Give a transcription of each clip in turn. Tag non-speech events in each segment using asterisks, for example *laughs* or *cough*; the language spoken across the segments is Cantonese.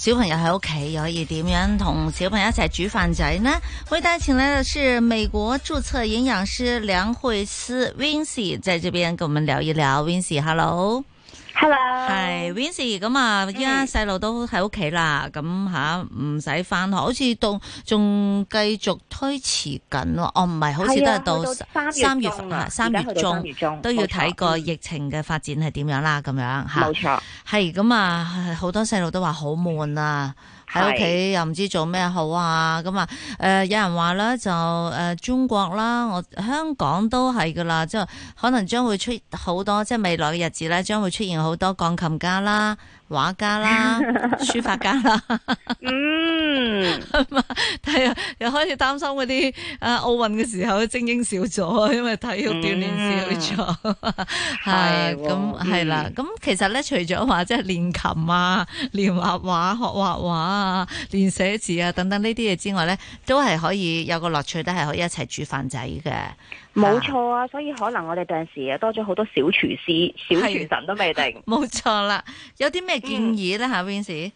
小朋友喺屋企又可以點樣同小朋友一齊煮飯仔呢？為大家請來的是美國注冊營養師梁慧思 Vincy 在這邊跟我們聊一聊。Vincy，hello。係，Winsy，咁啊，依 Hello, 家細路都喺屋企啦，咁吓唔使翻學，好似到仲繼續推遲緊咯，哦唔係，好似都係到三月份啊，三月中都要睇個疫情嘅發展係點樣啦，咁樣吓，冇錯，係，咁啊，好多細路都話好悶啊。喺屋企又唔知做咩好啊，咁啊，誒、呃，有人話咧，就誒、呃，中國啦，我香港都係噶啦，即係可能將會出好多，即係未來嘅日子咧，將會出現好多鋼琴家啦。畫家啦， *laughs* 書法家啦， *laughs* 嗯，係啊，又開始擔心嗰啲啊奧運嘅時候精英少咗，因為體育鍛煉少咗，係咁係啦。咁其實咧，除咗話即係練琴啊、練畫畫、學畫畫啊、練寫字啊等等呢啲嘢之外咧，都係可以有個樂趣，都係可以一齊煮飯仔嘅。冇錯啊，所以可能我哋陣時多咗好多小廚師、小廚神都未定。冇錯啦，有啲咩建議呢？吓，Vince。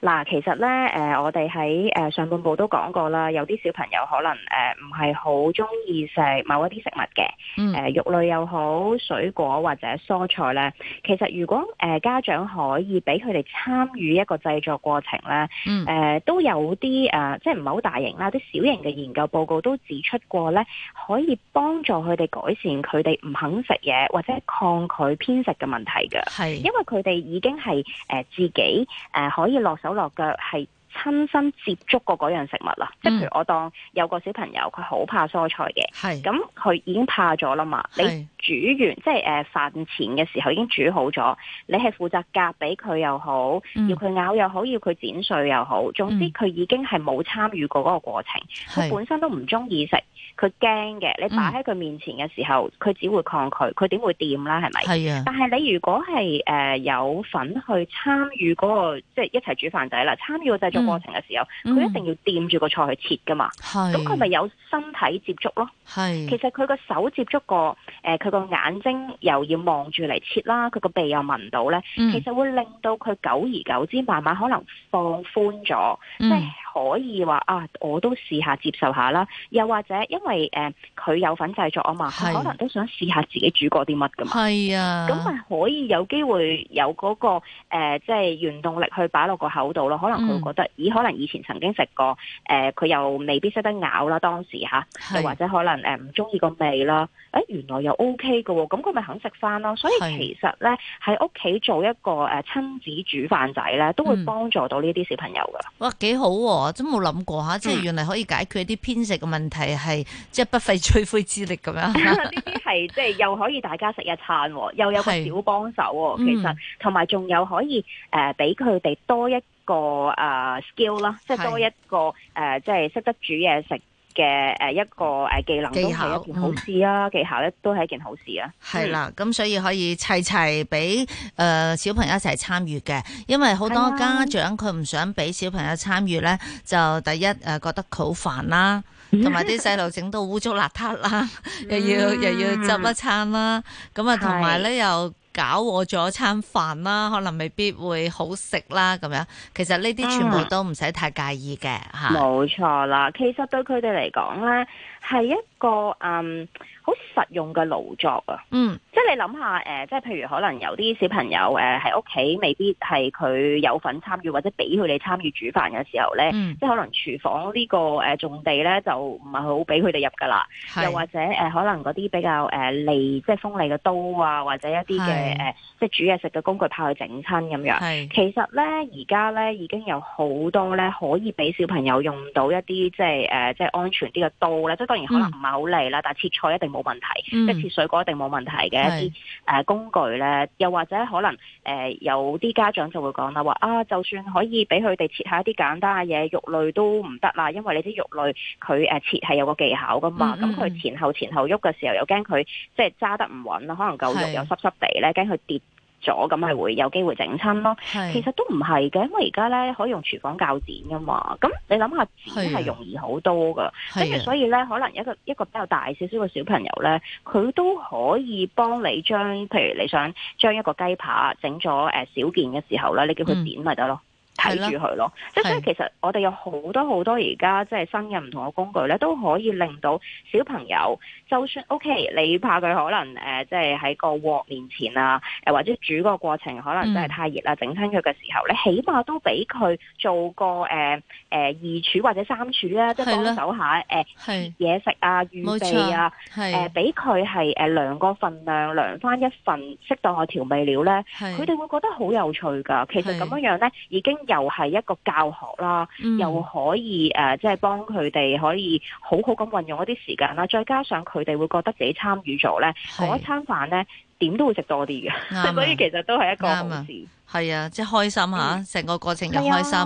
嗱，其實咧，誒我哋喺誒上半部都講過啦，有啲小朋友可能誒唔係好中意食某一啲食物嘅，誒、嗯、肉類又好，水果或者蔬菜咧，其實如果誒家長可以俾佢哋參與一個製作過程咧，誒、嗯呃、都有啲誒、呃、即係唔係好大型啦，啲小型嘅研究報告都指出過咧，可以幫助佢哋改善佢哋唔肯食嘢，或者抗拒偏食嘅問題嘅，係是因為佢哋已經係誒、呃、自己誒、呃、可以落手。手落腳係。親身接觸過嗰樣食物啦，即係譬如我當有個小朋友佢好怕蔬菜嘅，係咁佢已經怕咗啦嘛。是你煮完即係誒飯前嘅時候已經煮好咗，你係負責夾俾佢又好，要佢咬又好，要佢剪碎又好，總之佢已經係冇參與過嗰個過程，佢本身都唔中意食，佢驚嘅。你擺喺佢面前嘅時候，佢只會抗拒，佢點會掂啦？係咪？係啊的。但係你如果係誒、uh, 有份去參與嗰個，即係一齊煮飯仔啦，參與就。過程嘅時候，佢、嗯、一定要掂住個菜去切噶嘛。咁佢咪有身體接觸咯？是其實佢個手接觸過誒，佢、呃、個眼睛又要望住嚟切啦，佢個鼻又聞到咧。其實會令到佢久而久之，慢慢可能放寬咗，嗯、即係可以話啊，我都試下接受下啦。又或者因為誒，佢、呃、有份製作啊嘛，佢可能都想試下自己煮過啲乜嘛，係啊。咁咪可以有機會有嗰、嗰個，誒、呃，即係原動力去擺落個口度咯。可能佢會覺得。咦？可能以前曾經食過，誒、呃、佢又未必識得咬啦。當時嚇，又、啊、是或者可能誒唔中意個味啦。誒、欸、原來又 OK 嘅喎，咁佢咪肯食翻咯？所以其實咧喺屋企做一個誒親子煮飯仔咧，都會幫助到呢啲小朋友嘅、嗯。哇，幾好啊！都冇諗過嚇，即、啊、係、嗯、原來可以解決一啲偏食嘅問題，係即係不費吹灰之力咁樣。呢啲係即係又可以大家食一餐，又有個小幫手。是嗯、其實同埋仲有可以誒俾佢哋多一一個誒 skill 啦，即係多一個誒、呃，即係識得煮嘢食嘅誒、呃、一個誒技能都係一件好事啦，技巧咧都係一件好事啊。係啦，咁、嗯、是所以可以齊齊俾誒小朋友一齊參與嘅，因為好多家長佢唔的想俾小朋友參與咧，就第一誒覺得好煩啦，同埋啲細路整到污糟邋遢啦，又要又要執一餐啦，咁啊同埋咧又搞我咗餐飯啦，可能未必會好食啦，咁樣其實呢啲全部都唔使太介意嘅嚇。冇錯啦，其實對佢哋嚟講咧係一個嗯。Um, 好實用嘅勞作啊！嗯，即係你諗下，誒，即係譬如可能有啲小朋友誒喺屋企未必係佢有份參與，或者俾佢哋參與煮飯嘅時候咧，即係可能廚房呢個誒重地咧就唔係好俾佢哋入㗎啦。又或者誒，可能嗰啲比較誒利即係鋒利嘅刀啊，或者一啲嘅誒即係煮嘢食嘅工具，怕佢整親咁樣。係其實咧，而家咧已經有好多咧可以俾小朋友用到一啲即係誒即係安全啲嘅刀咧。即係當然可能唔係好利啦，但切菜一定冇問題，即、嗯、切水果一定冇問題嘅是一啲誒、呃、工具咧，又或者可能誒、呃、有啲家長就會講啦，話啊，就算可以俾佢哋切下一啲簡單嘅嘢，肉類都唔得啦，因為你啲肉類佢誒、呃、切係有個技巧噶嘛，咁佢、嗯嗯、前後前後喐嘅時候，又驚佢即係揸得唔穩啦，可能嚿肉又濕濕地咧，驚佢是跌咗咁係會有機會整親咯，是的 其實都唔係嘅，因為而家咧可以用廚房較剪噶嘛，咁你諗下剪係容易好多噶，跟住是的 所以咧可能一個一個比較大少少嘅小朋友咧，佢都可以幫你將，譬如你想將一個雞扒整咗誒小件嘅時候咧，你叫佢剪咪得咯。嗯睇住佢咯，是的 即係所以，其實我哋有好多好多而家即係新嘅唔同嘅工具咧，都可以令到小朋友，就算 O、OK, K，你怕佢可能誒、呃，即係喺個鑊面前啊，誒或者煮個過程可能真係太熱喇，整親佢嘅時候咧，起碼都俾佢做個誒誒、呃呃、二廚或者三廚啦、啊，即係幫手下誒嘢、呃、是的 食啊，預備啊，誒俾佢係誒量個份量，量翻一份適當嘅調味料咧，佢哋是的 會覺得好有趣噶。其實咁樣樣咧，已經。又係一個教學啦，又可以誒，即係幫佢哋可以好好咁運用一啲時間啦。再加上佢哋會覺得自己參與咗咧，嗰是一餐飯咧點都會食多啲嘅，吧 *laughs* 所以其實都係一個好事。係啊，即係開心吓，成個過程又開心，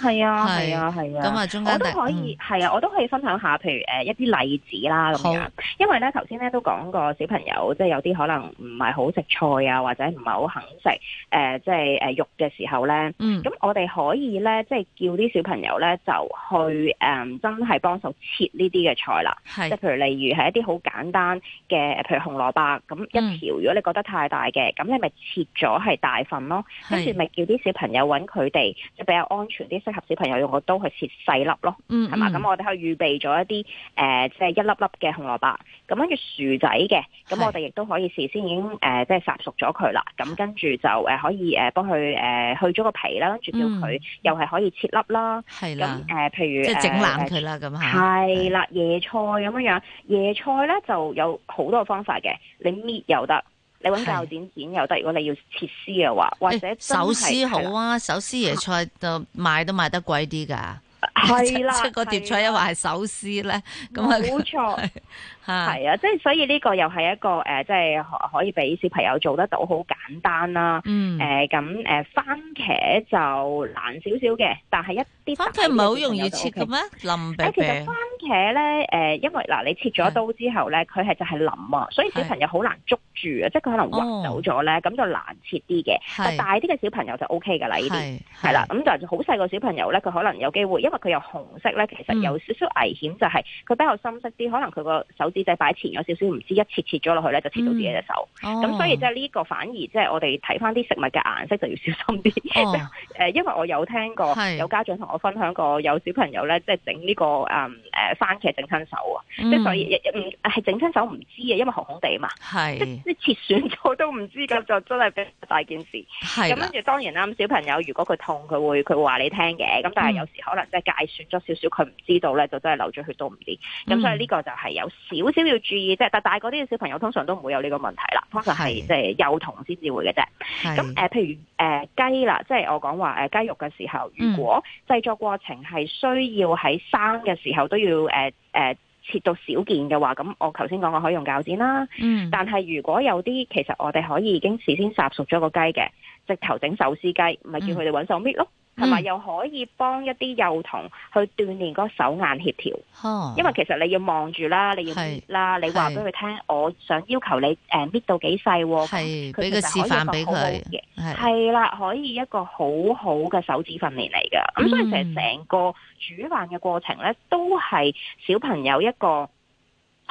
係啊，係啊，係啊。咁啊，啊中間我都可以，係、嗯、啊，我都可以分享下，譬如誒一啲例子啦咁樣。啊、因為咧，頭先咧都講過，小朋友即係有啲可能唔係好食菜啊，或者唔係好肯食誒、呃，即係誒肉嘅時候咧。嗯。咁我哋可以咧，即係叫啲小朋友咧就去誒、呃，真係幫手切呢啲嘅菜啦。是即係譬如例如係一啲好簡單嘅，譬如紅蘿蔔咁一條。嗯、如果你覺得太大嘅，咁你咪切咗係大份咯。跟住咪叫啲小朋友揾佢哋，即比較安全啲，適合小朋友用個刀去切細粒咯，係嘛、嗯？咁我哋去預備咗一啲誒、呃，即係一粒粒嘅紅蘿蔔，咁跟住薯仔嘅，咁是我哋亦都可以事先已經誒、呃，即係烚熟咗佢啦。咁跟住就誒可以誒幫佢誒去咗個皮啦，跟住叫佢又係可以切粒啦。係啦、嗯，誒、嗯、譬如即係整爛佢啦，咁嚇、呃。係啦，椰菜咁樣樣，椰菜咧就有好多方法嘅，你搣又得，你揾教剪剪又得，是如果你要切絲嘅話，欸、或者手撕好啊，啊手撕椰菜就賣都賣得貴啲噶，係啦，個碟菜又話係手撕咧，咁冇錯。錯 *laughs* 係啊，即係所以呢個又係一個誒，即係可以俾小朋友做得到，好簡單啦。誒咁誒，番茄就難少少嘅，但係一啲番茄唔係好容易切嘅咩？腍嘅。誒其實番茄咧誒，因為嗱你切咗刀之後咧，佢係就係腍啊，所以小朋友好難捉住啊，即係佢可能滑走咗咧，咁就難切啲嘅。但係大啲嘅小朋友就 OK 噶啦，呢啲係啦。咁就好細個小朋友咧，佢可能有機會，因為佢有紅色咧，其實有少少危險，就係佢比較深色啲，可能佢個手。啲仔擺前有少少唔知一切切咗落去咧，就切到自己隻手。咁所以即係呢個反而即係我哋睇返啲食物嘅顏色就要小心啲。即係 *laughs* 因為我有聽過是有家長同我分享過，有小朋友咧即係整呢個誒誒番茄整親手啊。即係、嗯、所以唔係整親手唔知啊，因為紅紅地嘛。係即係切損咗都唔知咁就真係畀大件事。咁跟住當然啦，咁小朋友如果佢痛，佢會佢話你聽嘅。咁但係有時可能即係介損咗少少，佢唔知道咧，就真係流咗血都唔知。咁、嗯嗯、所以呢個就係有少。好少要注意啫，但大個啲嘅小朋友通常都唔會有呢個問題啦，通常係即係幼童先至會嘅啫。咁誒是、呃，譬如誒、呃、雞啦，即係我講話誒雞、呃、肉嘅時候，如果製作過程係需要喺生嘅時候都要誒誒、呃呃、切到少件嘅話，咁我頭先講過可以用鉸剪啦。嗯。但係如果有啲其實我哋可以已經事先殺熟咗個雞嘅，直頭整手撕雞，咪叫佢哋揾手搣咯。同埋又可以幫一啲幼童去鍛煉嗰手眼協調，啊？因為其實你要望住啦，你要搣啦，你話俾佢聽，是我想要求你誒搣到幾細，係、嗯、俾個示範俾佢。係係是啦，可以一個好好嘅手指訓練嚟㗎。咁所以成成個煮飯嘅過程呢，都係小朋友一個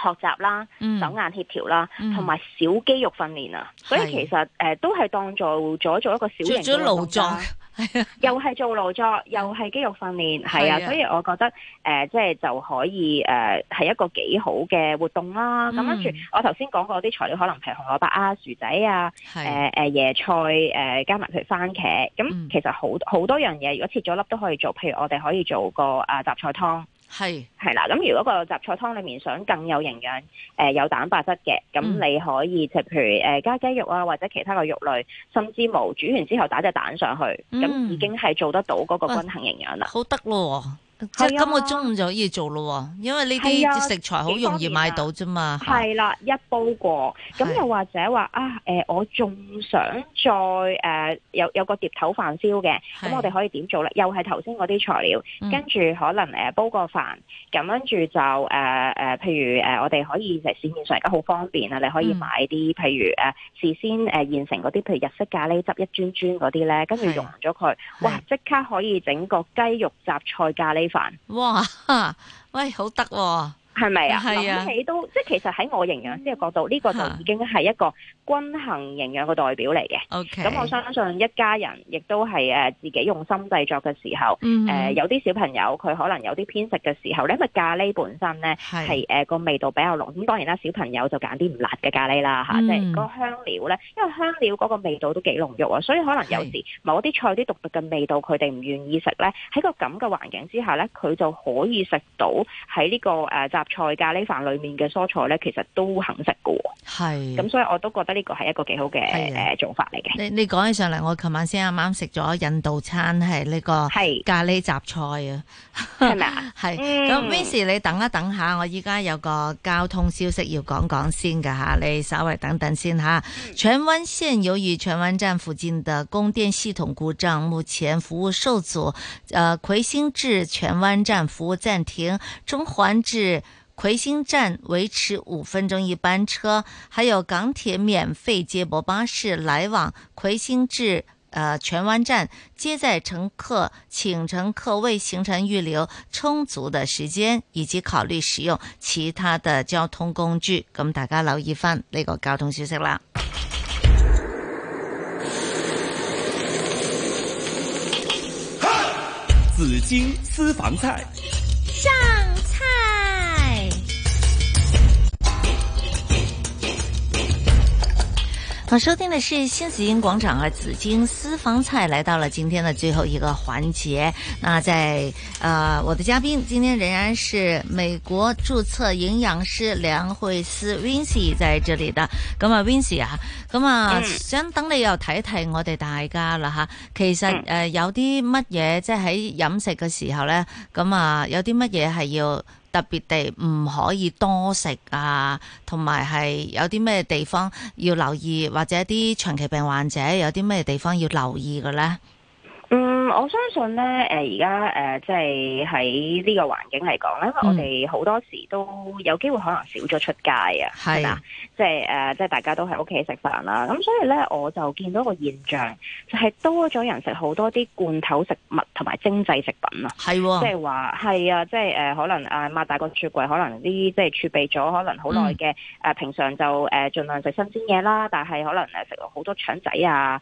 學習啦、手眼協調啦，同埋、嗯、小肌肉訓練啊。是所以其實誒、呃，都係當做咗做，做一個小型嘅 *laughs* 又係做勞作，又係肌肉訓練，係 *laughs* 啊，啊所以我覺得誒，即、呃、係、就是、就可以誒，係、呃、一個幾好嘅活動啦。咁、嗯、跟住，我頭先講過啲材料，可能係紅蘿蔔啊、薯仔啊、誒誒是、呃、椰菜誒、呃，加埋譬如番茄。咁其實好好、嗯、多樣嘢，如果切咗粒都可以做，譬如我哋可以做個啊雜菜湯。係係啦，咁是如果個雜菜湯裏面想更有營養，誒、呃、有蛋白質嘅，咁你可以就譬如誒加雞肉啊，或者其他嘅肉類，甚至冇煮完之後打隻蛋上去，咁、嗯、已經係做得到嗰個均衡營養啦，好得咯、哦。今個中午就可以做咯，因為呢啲食材好容易買到啫嘛。係啦、啊啊啊，一煲過。咁是又或者話啊，誒、呃，我仲想再誒、呃、有有個碟頭飯燒嘅，咁是我哋可以點做咧？又係頭先嗰啲材料，跟住可能誒煲個飯，咁跟住就誒誒、呃，譬如誒、呃、我哋可以誒市面上而家好方便啊，你可以買啲、嗯、譬如誒、呃、事先誒現成嗰啲，譬如日式咖喱汁一樽樽嗰啲咧，跟住溶咗佢，是是哇！即刻可以整個雞肉雜菜，菜咖喱。哇！喂，好得哦。係咪啊？諗起都即係其實喺我營養師嘅角度，呢、呢個就已經係一個均衡營養嘅代表嚟嘅。咁 Okay. 我相信一家人亦都係誒自己用心製作嘅時候，誒、嗯哼呃、有啲小朋友佢可能有啲偏食嘅時候咧，因為咖喱本身咧係誒個味道比較濃，咁當然啦，小朋友就揀啲唔辣嘅咖喱啦嚇，嗯、即係個香料咧，因為香料嗰個味道都幾濃郁啊，所以可能有時某啲菜啲獨特嘅味道佢哋唔願意食咧，喺個咁嘅環境之下咧，佢就可以食到喺呢個誒菜咖喱飯裏面嘅蔬菜咧，其實都肯食㗎。係是，咁、嗯、所以我都覺得呢個係一個幾好嘅誒的、呃、做法嚟嘅。你你講起上嚟，我琴晚先啱啱食咗印度餐，係呢個係咖喱雜菜啊，係咪啊？係 *laughs* 是。咁 Miss、嗯、Sze 你等一等下，我依家有個交通消息要講講先㗎吓，你稍微等等先吓。荃灣、嗯、線由於荃灣站附近嘅供電系統故障，目前服務受阻。誒、呃，葵興至荃灣站服務暫停，中環至。葵興站維持五分鐘一班車，還有港鐵免費接駁巴士來往葵興至，呃，荃灣站，接載乘客，請乘客為行程預留充足的時間，以及考慮使用其他的交通工具。咁大家留意翻呢個交通消息啦。紫荊私房菜上菜。我收聽的是新紫金廣場和紫金私房菜，來到了今天的最後一個環節。那在啊、呃，我的嘉賓今天仍然是美國注冊營養師梁慧思 （Vincy） 在這裏的。咁啊，Vincy 啊，咁啊，想等你又睇一睇我哋大家啦吓。其實誒、呃，有啲乜嘢即係喺飲食嘅時候咧，咁啊，有啲乜嘢係要？特別地唔可以多食啊，同埋係有啲咩地方要留意，或者啲長期病患者有啲咩地方要留意嘅呢？嗯，我相信咧，誒而家誒即係喺呢個環境嚟講咧，因為我哋好多時都有機會可能少咗出街啊，係啊，即係誒，即係大家都喺屋企食飯啦。咁所以咧，我就見到個現象，就係多咗人食好多啲罐頭食物同埋精製食品啊。係，即係話係啊，即係誒可能誒擘大個雪櫃，可能啲即係儲備咗可能好耐嘅誒，平常就誒儘量食新鮮嘢啦。但係可能誒食好多腸仔啊，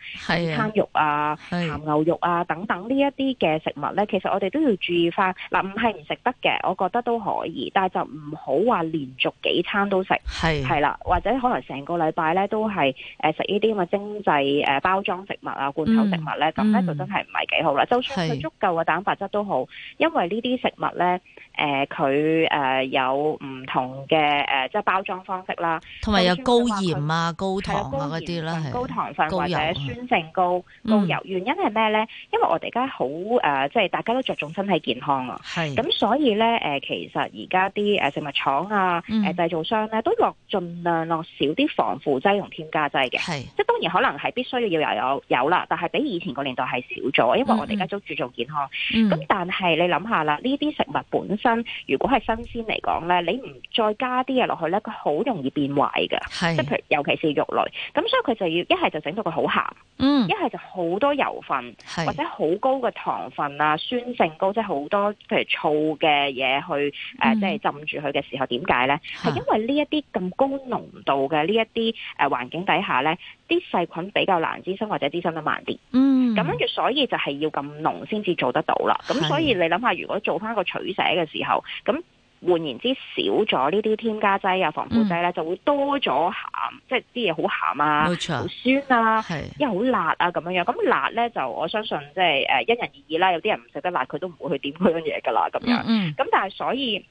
餐肉啊，鹹牛肉啊。等等呢一啲嘅食物呢，其實我哋都要注意翻。嗱，唔係唔食得嘅，我覺得都可以，但係就唔好話連續幾餐都食，係是啦，或者可能成個禮拜呢都係誒食呢啲咁嘅精製誒包裝食物啊、罐頭食物呢。咁呢、嗯、就真係唔係幾好啦。嗯、就算佢足夠嘅蛋白質都好，是因為呢啲食物呢。誒佢誒有唔同嘅誒，即係包裝方式啦，同埋有高鹽啊、高糖啊啲啦，高糖分或者酸性高高油。原因係咩咧？因為我哋而家好誒，即係大家都着重身體健康啊。係咁，所以咧誒，其實而家啲誒食物廠啊、誒製造商咧都落盡量落少啲防腐劑同添加劑嘅。係即係當然可能係必須要要有有啦，但係比以前個年代係少咗，因為我哋而家都注重健康。咁但係你諗下啦，呢啲食物本。新如果係新鮮嚟講咧，你唔再加啲嘢落去咧，佢好容易變壞嘅，即係譬如尤其是肉類，咁所以佢就要一係就整到佢好鹹，嗯，一係就好多油分是或者好高嘅糖分啊，酸性高，即係好多譬如醋嘅嘢去誒，即係、嗯、浸住佢嘅時候，點解咧？係因為呢一啲咁高濃度嘅呢一啲誒環境底下咧。啲細菌比較難滋生或者滋生得慢啲，嗯，咁跟住，所以就係要咁濃先至做得到啦。咁是所以你諗下，如果做翻個取捨嘅時候，咁換言之，少咗呢啲添加劑啊、防腐劑咧，就會多咗鹹，嗯、即係啲嘢好鹹啊，好錯酸啊，是又好辣啊咁樣樣。咁辣咧就我相信即係誒，因、呃、人而異啦。有啲人唔食得辣，佢都唔會去點嗰樣嘢噶啦。咁樣，咁、嗯嗯、但係所以。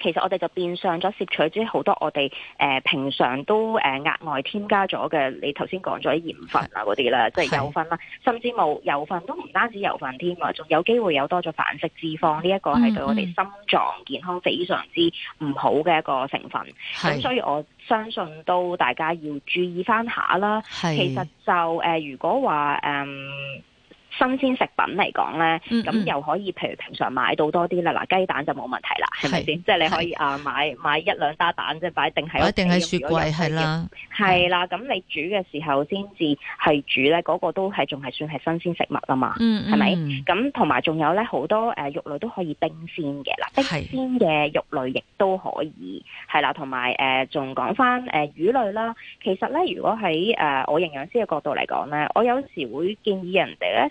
其實我哋就變相咗攝取咗好多我哋誒、呃、平常都誒額、呃、外添加咗嘅，你頭先講咗啲鹽分啊嗰啲啦，即係是油分啦，是甚至冇油分都唔單止油分添啊，仲有機會有多咗反式脂肪呢一、這個係對我哋心臟健康非常之唔好嘅一個成分。咁是所以我相信都大家要注意翻下啦。是其實就誒、呃，如果話誒。嗯新鮮食品嚟講咧，咁又可以，譬如平常買到多啲啦。嗱，雞蛋就冇問題啦，係咪先？即係你可以啊，買買一兩打蛋啫，擺定喺屋企定喺雪櫃係啦，係啦。咁你煮嘅時候先至係煮咧，嗰個都係仲係算係新鮮食物啊嘛，係咪？咁同埋仲有咧，好多誒肉類都可以冰鮮嘅，嗱，冰鮮嘅肉類亦都可以係啦。同埋誒，仲講翻誒魚類啦。其實咧，如果喺誒我營養師嘅角度嚟講咧，我有時會建議人哋咧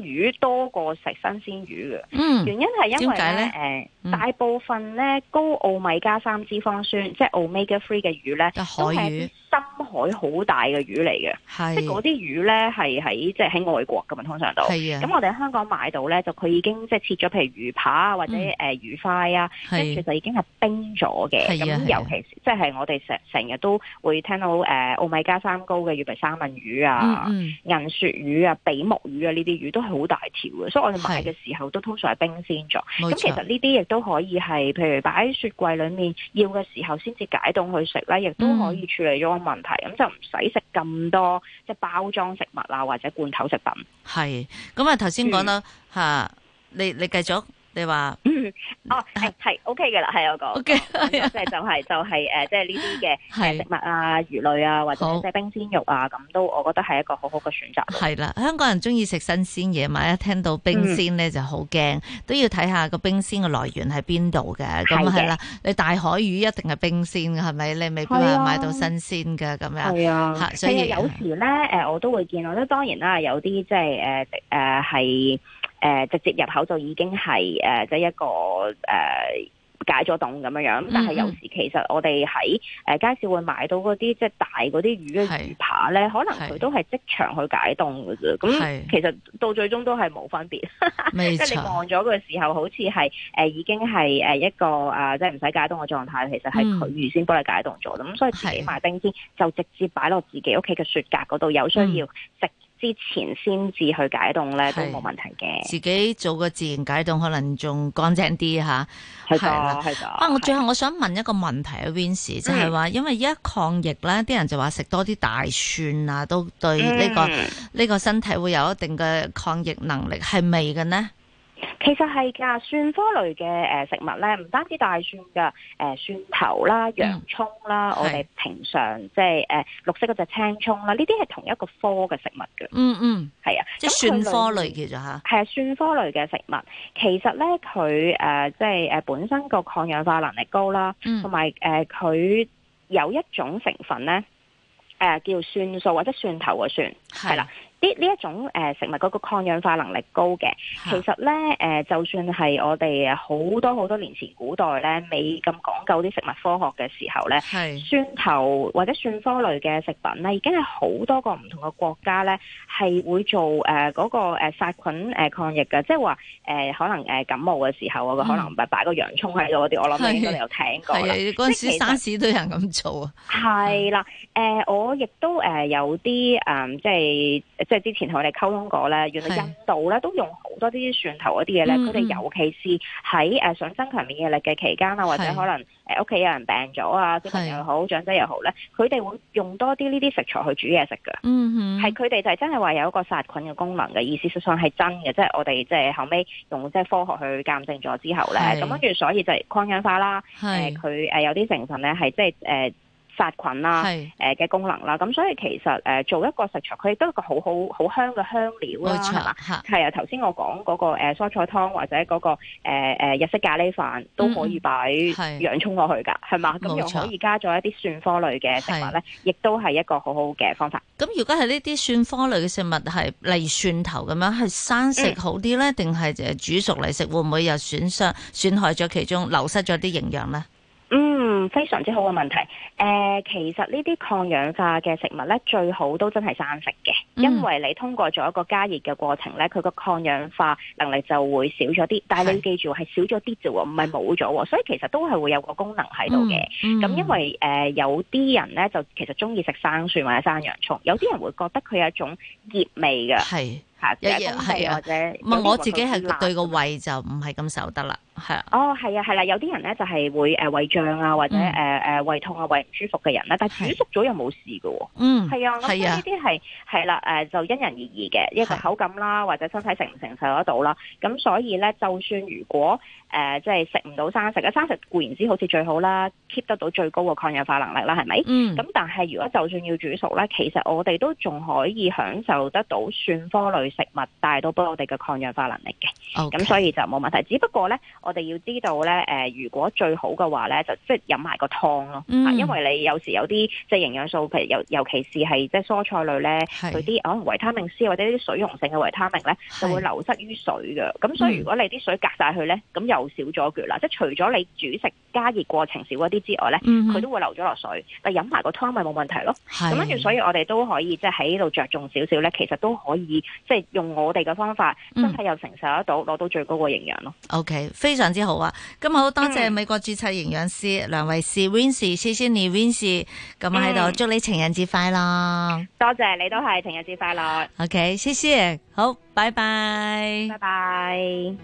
魚多過食新鮮魚嘅，原因係因為咧，誒大部分咧高奧米加三脂肪酸，即係 omega three 嘅魚咧，都係一啲深海好大嘅魚嚟嘅，即係嗰啲魚咧係喺即係喺外國嘅嘛，通常都係。咁我哋喺香港買到咧，就佢已經即係切咗，譬如魚扒啊，或者誒魚塊啊，即其實已經係冰咗嘅。咁尤其即係我哋成成日都會聽到誒奧米加三高嘅魚，例如三文魚啊、銀鱈魚啊、比目魚啊呢啲魚都。好大條嘅，所以我哋買嘅時候都是通常係冰鮮咗。咁錯其實呢啲亦都可以係，譬如擺喺雪櫃裏面，要嘅時候先至解凍去食咧，亦都可以處理咗個問題。咁、嗯、就唔使食咁多，即係包裝食物啊，或者罐頭食品。係咁、嗯、啊！頭先講啦吓，你你繼續。你話哦係係 OK 嘅啦，係我講 OK，即係就係就係誒，即係呢啲嘅係食物啊、魚類啊，或者即係冰鮮肉啊，咁都我覺得係一個好好嘅選擇。係啦，香港人中意食新鮮嘢嘛，一聽到冰鮮咧就好驚，都要睇下個冰鮮嘅來源喺邊度嘅。咁係啦，你大海魚一定係冰鮮嘅，係咪？你未必話買到新鮮嘅咁樣。係啊，所以有時咧，誒，我都會見，我覺得當然啦，有啲即係誒誒係。誒直接入口就已經係誒即係一個誒、呃、解咗凍咁樣樣，但係有時其實我哋喺誒街市會買到嗰啲即係大嗰啲魚嘅魚排咧，是可能佢都係即場去解凍嘅啫。咁是其實到最終都係冇分別、呃，即係你望咗嘅時候好似係誒已經係誒一個啊，即係唔使解凍嘅狀態，其實係佢預先幫你解凍咗啦。咁是是所以自己買冰鮮，就直接擺落自己屋企嘅雪格嗰度，有需要食吃。之前先至去解凍咧，是都冇問題嘅。自己做個自然解凍，可能仲乾淨啲吓。係啊的，係噶的。啊，我最後我想問一個問題啊的 Vincent 就係話，的因為依家抗疫咧，啲人就話食多啲大蒜啊，都對呢、呢個呢、嗯、個身體會有一定嘅抗疫能力，係咪嘅呢？其實係噶，蒜科類嘅誒食物咧，唔單止大蒜噶，誒、呃、蒜頭啦、洋蔥啦，嗯、我哋平常即係誒綠色嗰隻青蔥啦，呢啲係同一個科嘅食物嘅、嗯。嗯嗯，係啊的，即係蒜科類，類其實吓，係啊，蒜科類嘅食物。其實咧，佢誒、呃、即係誒、呃、本身個抗氧化能力高啦，同埋誒佢有一種成分咧，誒、呃、叫蒜素或者蒜頭嘅蒜，係啦。呢呢一種誒食物嗰個抗氧化能力高嘅，其實咧誒是的、呃，就算係我哋好多好多年前古代咧，未咁講究啲食物科學嘅時候咧，是的 蒜頭或者蒜科類嘅食品咧，已經係好多個唔同嘅國家咧係會做誒嗰，呃那個誒殺菌誒抗疫嘅，即係話誒可能誒感冒嘅時候啊，佢、呃、可能擺個洋葱喺度嗰啲，我諗你應該有聽過啦。即係嗰時沙士都有人咁做啊！係啦實，誒、呃、我亦都誒有啲誒、呃、即係。呃即係之前同我哋溝通過咧，原來印度咧都用好多啲蒜頭嗰啲嘢咧，佢哋的尤其是喺誒想增強免疫力嘅期間啊，或者可能誒屋企有人病咗啊，小朋友又好，長者又好咧，佢哋會用多啲呢啲食材去煮嘢食嘅。嗯哼的，係佢哋就係真係話有一個殺菌嘅功能嘅意思是是，實上係真嘅，即係我哋即係後尾用即係科學去鑑證咗之後咧，咁的跟住所以就係抗氧化啦。係佢誒有啲成分咧係即係誒。呃殺菌啦，誒嘅功能啦，咁是所以其實誒做一個食材，佢亦都係一個好好好香嘅香料啦，係嘛錯？係啊吧，頭先我講嗰個誒蔬菜湯或者嗰個誒誒日式咖喱飯都可以擺洋葱落去噶，係嘛？咁又可以加咗一啲蒜科類嘅食物咧，亦都係一個好好嘅方法。咁、嗯、如果係呢啲蒜科類嘅食物係例如蒜頭咁樣，係生食好啲咧，定係誒煮熟嚟食會唔會又損傷損害咗其中流失咗啲營養咧？非常之好嘅問題，誒、呃，其實呢啲抗氧化嘅食物咧，最好都真係生食嘅，因為你通過咗一個加熱嘅過程咧，佢個抗氧化能力就會少咗啲。但係你要記住係是少咗啲啫，唔係冇咗，所以其實都係會有個功能喺度嘅。咁、嗯嗯、因為誒、呃、有啲人咧就其實鍾意食生蒜或者生洋葱，有啲人會覺得佢有一種澀味嘅，係嚇是，係啊，我自己係對個胃就唔係咁受得啦。係啊，哦係啊，係啦、啊，有啲人咧就係會誒、呃、胃脹啊，或者誒誒、嗯呃、胃痛啊，胃唔舒服嘅人咧，但係煮熟咗又冇事嘅，啊、嗯，係啊，咁呢啲係係啦，誒、啊、就因人而異嘅，一個口感啦，啊、或者身體承唔承受得到啦，咁所以咧，就算如果誒、呃、即係食唔到生食，啊生食固然之好似最好啦，keep 得到最高嘅抗氧化能力啦，係咪？嗯，咁但係如果就算要煮熟咧，其實我哋都仲可以享受得到蒜科類食物帶到俾我哋嘅抗氧化能力嘅，咁所以就冇問題，只不過咧。我哋要知道咧，誒、呃，如果最好嘅話咧，就即係飲埋個湯咯、mm hmm. 因為你有時有啲即係營養素，譬如有尤其是係即係蔬菜類咧，佢啲可能維他命 C 或者啲水溶性嘅維他命咧，是就會流失於水嘅。咁、mm hmm. 所以如果你啲水隔晒佢咧，咁又少咗㗎啦。即係除咗你煮食加熱過程少一啲之外咧，佢、mm hmm. 都會流咗落水。但係飲埋個湯咪冇問題咯。咁跟住，所以我哋都可以即係喺呢度着重少少咧，其實都可以即係用我哋嘅方法，身體又承受得到，攞、mm hmm. 到最高個營養咯。OK。非常之好啊！今日好多謝美國注冊營養師梁慧思 Wincie 謝謝你 Wincie 咁喺度，ci, 嗯、祝你情人節快樂！多謝你都係情人節快樂。OK，謝謝，好，拜拜，拜拜。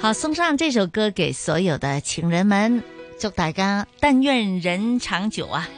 好，送上這首歌給所有的情人們，祝大家但願人長久啊！